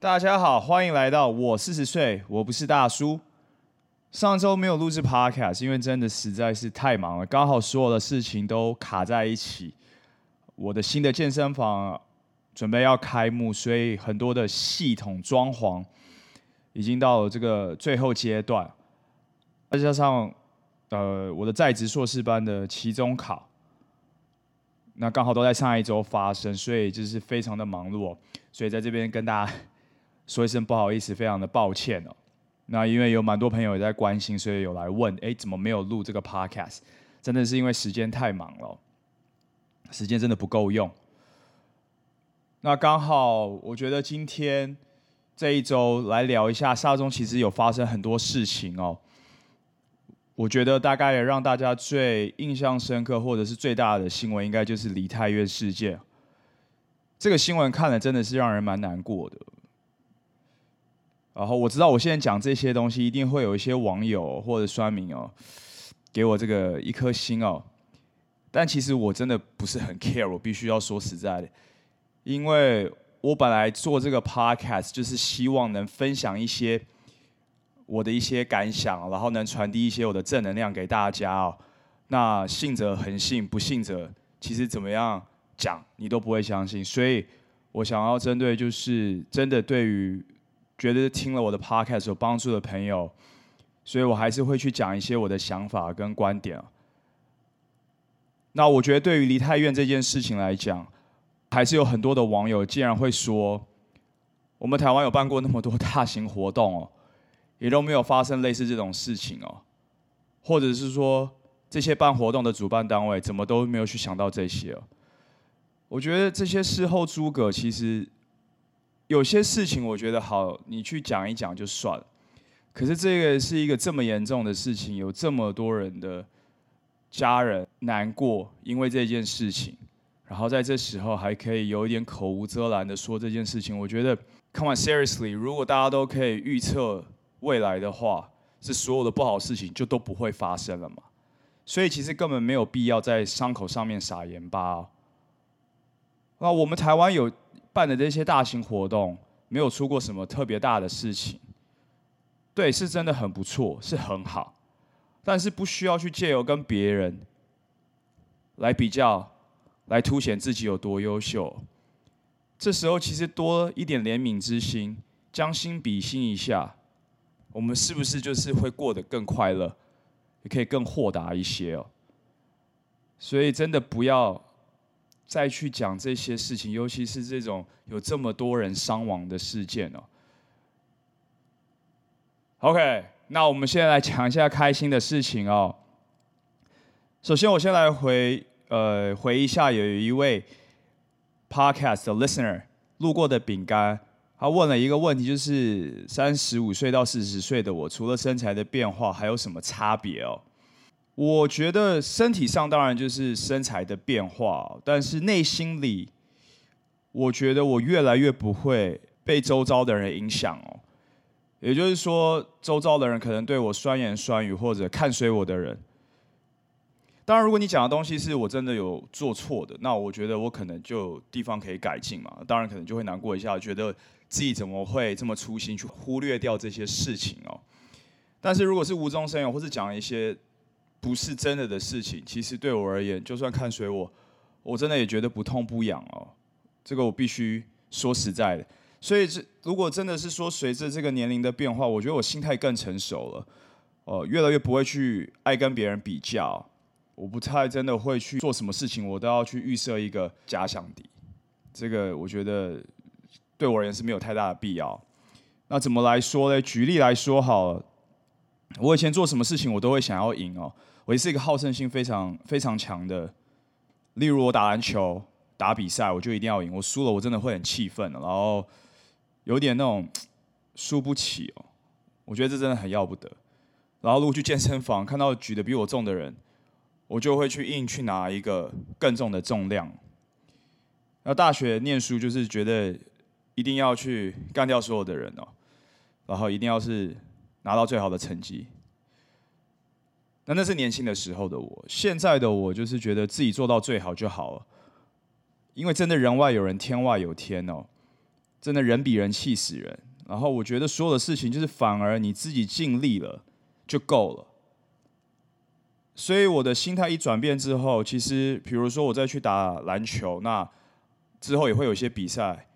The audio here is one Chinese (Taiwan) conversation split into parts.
大家好，歡迎來到我四十歲，我不是大叔。上周沒有錄制 Podcast，因為真的實在是太忙了，剛好所有的事情都卡在一起。我的新的健身房準備要開幕，所以很多的系統裝潢已經到了這個最後階段。再加上呃，我的在職碩士班的期中考，那剛好都在上一周發生，所以就是非常的忙碌。所以在這邊跟大家。說一聲，不好意思，非常的抱歉哦。那因為有蠻多朋友也在關心，所以有來問，哎，怎麼沒有錄這個 Podcast？真的是因為時間太忙了哦，時間真的不夠用。那剛好，我覺得今天這一周來聊一下，沙中其實有發生很多事情哦。我覺得大概讓大家最印象深刻，或者是最大的新聞，應該就是梨泰院事件。這個新聞看了真的是讓人蠻難過的。然後我知道，我現在講這些東西，一定會有一些網友、哦、或者酸民哦，給我這個一顆星哦。但其實我真的不是很 care，我必須要說實在的，因為我本來做這個 podcast 就是希望能分享一些我的一些感想，然後能傳遞一些我的正能量給大家哦。那信者恆信，不信者其實怎麼樣講你都不會相信。所以我想要針對就是真的對於。覺得聽了我的 podcast 有幫助的朋友，所以我還是會去講一些我的想法跟觀點。那我覺得對於梨泰院這件事情來講，還是有很多的網友竟然會說，我們台灣有辦過那麼多大型活動哦，也都沒有發生類似這種事情哦，或者是說這些辦活動的主辦單位怎麼都沒有去想到這些？我覺得這些事後諸葛其實。有些事情我覺得好，你去講一講就算了。可是這個是一個這麼嚴重的事情，有這麼多人的家人難過，因為這件事情，然後在這時候還可以有一點口無遮攔的說這件事情，我覺得 Come on, seriously，如果大家都可以預測未來的話，是所有的不好的事情就都不會發生了嘛。所以其實根本沒有必要在傷口上面撒鹽巴哦。那、啊、我們台灣有辦的這些大型活動，沒有出過什麼特別大的事情，對，是真的很不錯，是很好，但是不需要去借由跟別人來比較，來凸顯自己有多優秀。這時候其實多一點憐憫之心，將心比心一下，我們是不是就是會過得更快樂，也可以更豁達一些哦。所以真的不要。再去講這些事情，尤其是這種有這麼多人傷亡的事件哦。OK，那我們現在來講一下開心的事情哦。首先，我先來回呃回一下，有一位 Podcast 的 Listener 路過的餅乾，他問了一個問題，就是三十五歲到四十歲的我，除了身材的變化，還有什麼差別哦？我覺得身體上當然就是身材的變化，但是內心裡，我覺得我越來越不會被周遭的人影響哦。也就是說，周遭的人可能對我酸言酸語，或者看衰我的人。當然，如果你講的東西是我真的有做錯的，那我覺得我可能就有地方可以改進嘛。當然，可能就會難過一下，覺得自己怎麼會這麼粗心，去忽略掉這些事情哦。但是如果是無中生有，或是講一些，不是真的的事情，其實對我而言，就算看衰我，我真的也覺得不痛不癢哦。這個我必須說實在的，所以這如果真的是說隨着這個年齡的變化，我覺得我心態更成熟了，哦、呃，越來越不會去愛跟別人比較，我不太真的會去做什麼事情，我都要去預設一個假想敵。這個我覺得對我而言是沒有太大的必要。那怎麼來說呢？舉例來說好了，我以前做什麼事情，我都會想要贏哦。我也是一個好勝心非常非常強的，例如我打籃球打比賽，我就一定要贏。我輸了，我真的會很氣憤，然後有點那種輸不起哦。我覺得這真的很要不得。然後如果去健身房看到舉得比我重的人，我就會去硬去拿一個更重的重量。那大學念書就是覺得一定要去幹掉所有的人哦，然後一定要是拿到最好的成績。那那是年輕的時候的我，現在的我就是覺得自己做到最好就好了，因為真的人外有人，天外有天哦，真的人比人氣死人。然後我覺得所有的事情，就是反而你自己盡力了就夠了。所以我的心態一轉變之後，其實比如說我再去打籃球，那之後也會有一些比賽，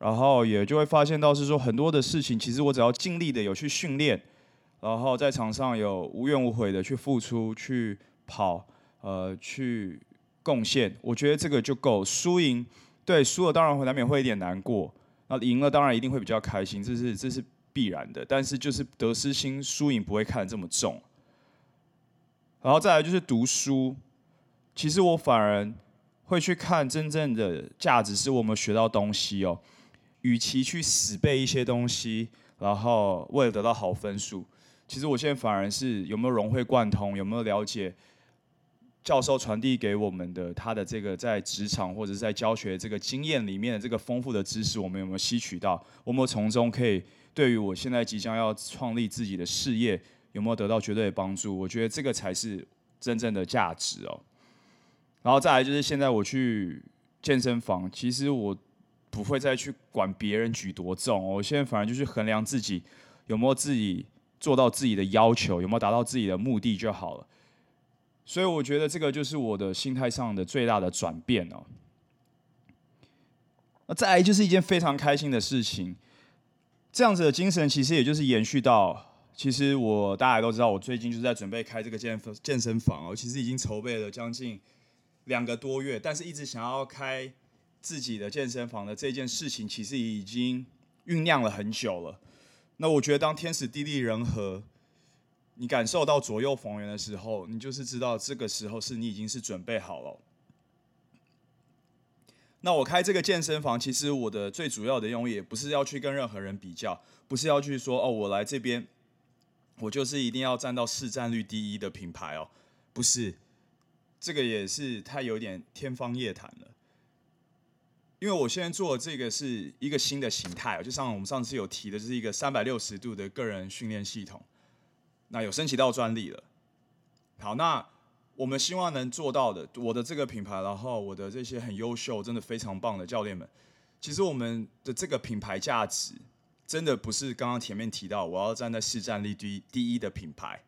然後也就會發現到是說很多的事情，其實我只要盡力的有去訓練。然後在場上有無怨無悔的去付出、去跑、呃、去貢獻，我覺得這個就夠。輸贏，對，輸了當然會難免會有點難過，那贏了當然一定會比較開心，這是這是必然的。但是就是得失心，輸贏不會看得這麼重。然後再來就是讀書，其實我反而會去看真正的價值是我們學到東西哦。與其去死背一些東西，然後為了得到好分數。其實我現在反而是有沒有融會貫通，有沒有了解教授傳遞給我們的他的這個在職場或者是在教學這個經驗裡面的這個豐富的知識，我們有沒有吸取到？我們從中可以對於我現在即將要創立自己的事業，有沒有得到絕對的幫助？我覺得這個才是真正的價值哦。然後再來就是現在我去健身房，其實我不會再去管別人舉多重，我現在反而就是衡量自己有沒有自己。做到自己的要求，有沒有達到自己的目的就好了。所以我覺得這個就是我的心態上的最大的轉變哦。再來就是一件非常開心的事情，這樣子的精神其實也就是延續到，其實我大家都知道，我最近就在準備開這個健健身房哦，其實已經籌備了將近兩個多月，但是一直想要開自己的健身房的這件事情，其實已經醞釀了很久了。那我覺得，當天時地利人和，你感受到左右逢源的時候，你就是知道這個時候是你已經是準備好了。那我開這個健身房，其實我的最主要的用意，也不是要去跟任何人比較，不是要去說哦，我來這邊，我就是一定要站到市占率第一的品牌哦，不是，這個也是太有點天方夜譚了。因為我現在做的這個是一個新的形態，就像我們上次有提的，這是一個三百六十度的個人訓練系統，那有升級到專利了。好，那我們希望能做到的，我的這個品牌，然後我的這些很優秀、真的非常棒的教練們，其實我們的這個品牌價值，真的不是剛剛前面提到我要站在市占率第第一的品牌，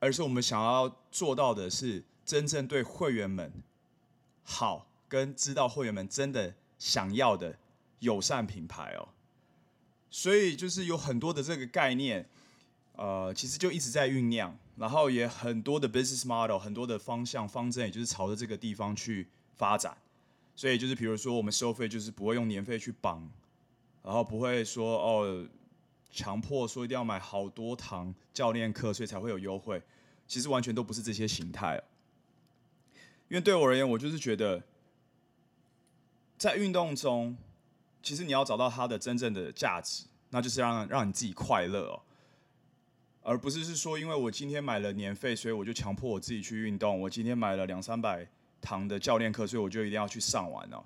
而是我們想要做到的是真正對會員們好。跟知道會員們真的想要的友善品牌哦，所以就是有很多的這個概念，呃，其實就一直在醞釀，然後也很多的 business model，很多的方向方針，也就是朝着這個地方去發展。所以就是比如說，我們收費就是不會用年費去綁，然後不會說哦，強迫說一定要買好多堂教練課，所以才會有優惠。其實完全都不是這些形態哦，因為對我而言，我就是覺得。在運動中，其實你要找到它的真正的價值，那就是讓讓你自己快樂哦，而不是是說，因為我今天買了年費，所以我就強迫我自己去運動；我今天買了兩三百堂的教練課，所以我就一定要去上完哦。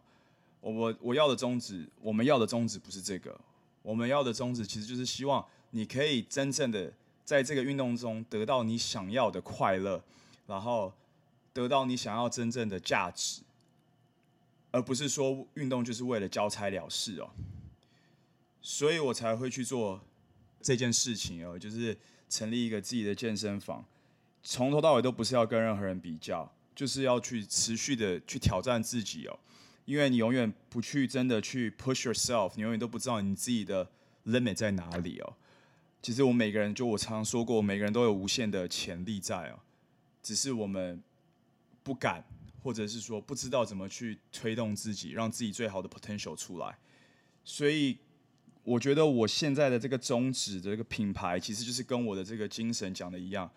我我我要的宗旨，我們要的宗旨不是這個，我們要的宗旨其實就是希望你可以真正的在這個運動中得到你想要的快樂，然後得到你想要真正的價值。而不是說運動就是為了交差了事哦，所以我才會去做這件事情哦，就是成立一個自己的健身房，從頭到尾都不是要跟任何人比較，就是要去持續的去挑戰自己哦，因為你永遠不去真的去 push yourself，你永遠都不知道你自己的 limit 在哪裡哦。其實我每個人，就我常常說過，每個人都有無限的潛力在哦，只是我們不敢。或者是說不知道怎麼去推動自己，讓自己最好的 potential 出來，所以我覺得我現在的這個宗旨的這個品牌，其實就是跟我的這個精神講的一樣，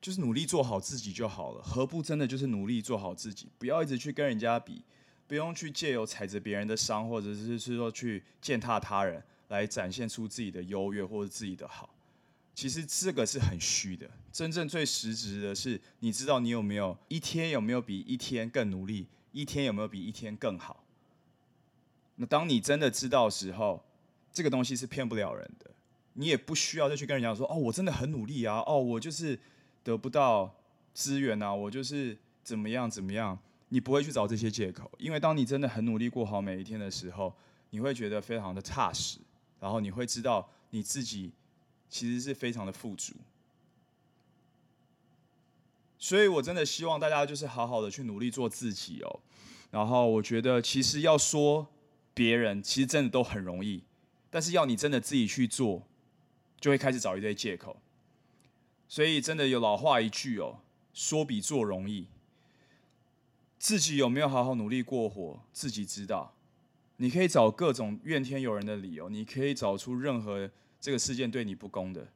就是努力做好自己就好了。何不真的就是努力做好自己，不要一直去跟人家比，不用去借由踩着別人的傷，或者是是說去踐踏他人來展現出自己的優越或者自己的好。其實這個是很虛的，真正最實質的是，你知道你有沒有一天有沒有比一天更努力，一天有沒有比一天更好。那當你真的知道的時候，這個東西是騙不了人的，你也不需要再去跟人家說哦，我真的很努力啊，哦，我就是得不到資源啊，我就是怎麼樣怎麼樣，你不會去找這些借口，因為當你真的很努力過好每一天的時候，你會覺得非常的踏實，然後你會知道你自己。其實是非常的富足，所以我真的希望大家就是好好的去努力做自己哦。然後我覺得，其實要說別人，其實真的都很容易，但是要你真的自己去做，就會開始找一堆借口。所以真的有老話一句哦，說比做容易。自己有沒有好好努力過活，自己知道。你可以找各種怨天尤人的理由，你可以找出任何。這個事件對你不公的，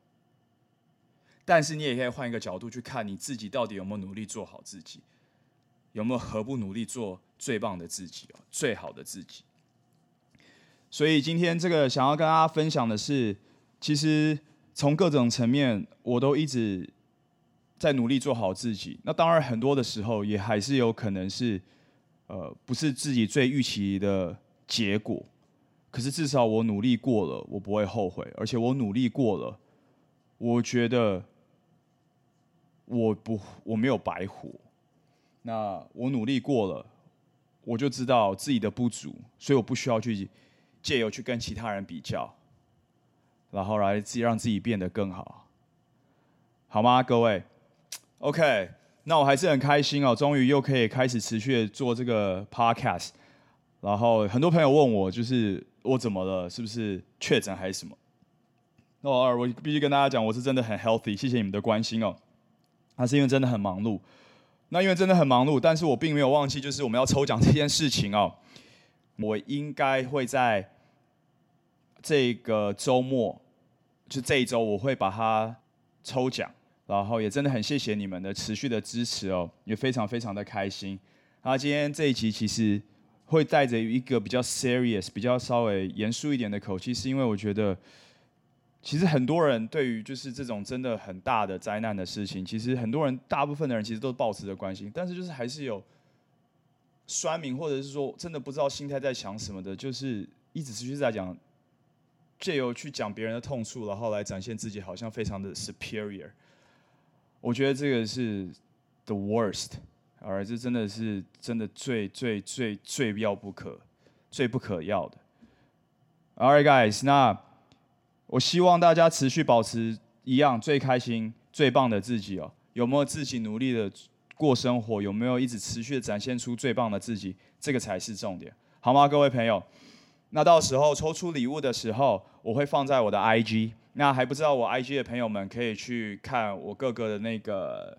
但是你也可以換一個角度去看，你自己到底有沒有努力做好自己，有沒有何不努力做最棒的自己哦，最好的自己。所以今天這個想要跟大家分享的是，其實從各種層面，我都一直在努力做好自己。那當然，很多的時候也還是有可能是，呃，不是自己最預期的結果。可是至少我努力過了，我不會後悔，而且我努力過了，我覺得我不，我沒有白活。那我努力過了，我就知道自己的不足，所以我不需要去借由去跟其他人比較，然後來自己讓自己變得更好，好嗎？各位，OK，那我還是很開心哦，終於又可以開始持續的做這個 Podcast，然後很多朋友問我就是。我怎麼了，是不是確診還是什麼？那、oh, 我必須跟大家講，我是真的很 healthy，謝謝你們的關心哦。那、啊、是因為真的很忙碌，那因為真的很忙碌，但是我並沒有忘記，就是我們要抽獎這件事情哦。我應該會在這個週末，就這一週，我會把它抽獎，然後也真的很謝謝你們的持續的支持哦，也非常非常的開心。那、啊、今天這一集其實。會帶着一個比較 serious、比較稍微嚴肅一點的口氣，是因為我覺得，其實很多人對於就是這種真的很大的災難的事情，其實很多人大部分的人其實都抱持著關心，但是就是還是有酸民，或者是說真的不知道心態在想什麼的，就是一直持續在講，借由去講別人的痛處，然後來展現自己好像非常的 superior。我覺得這個是 the worst。而這真的是真的最最最最要不可，最不可要的。Alright, guys，那我希望大家持續保持一樣最開心、最棒的自己哦。有沒有自己努力的過生活？有沒有一直持續的展現出最棒的自己？這個才是重點，好嗎，各位朋友？那到時候抽出禮物的時候，我會放在我的 IG。那還不知道我 IG 的朋友們，可以去看我各個的那個。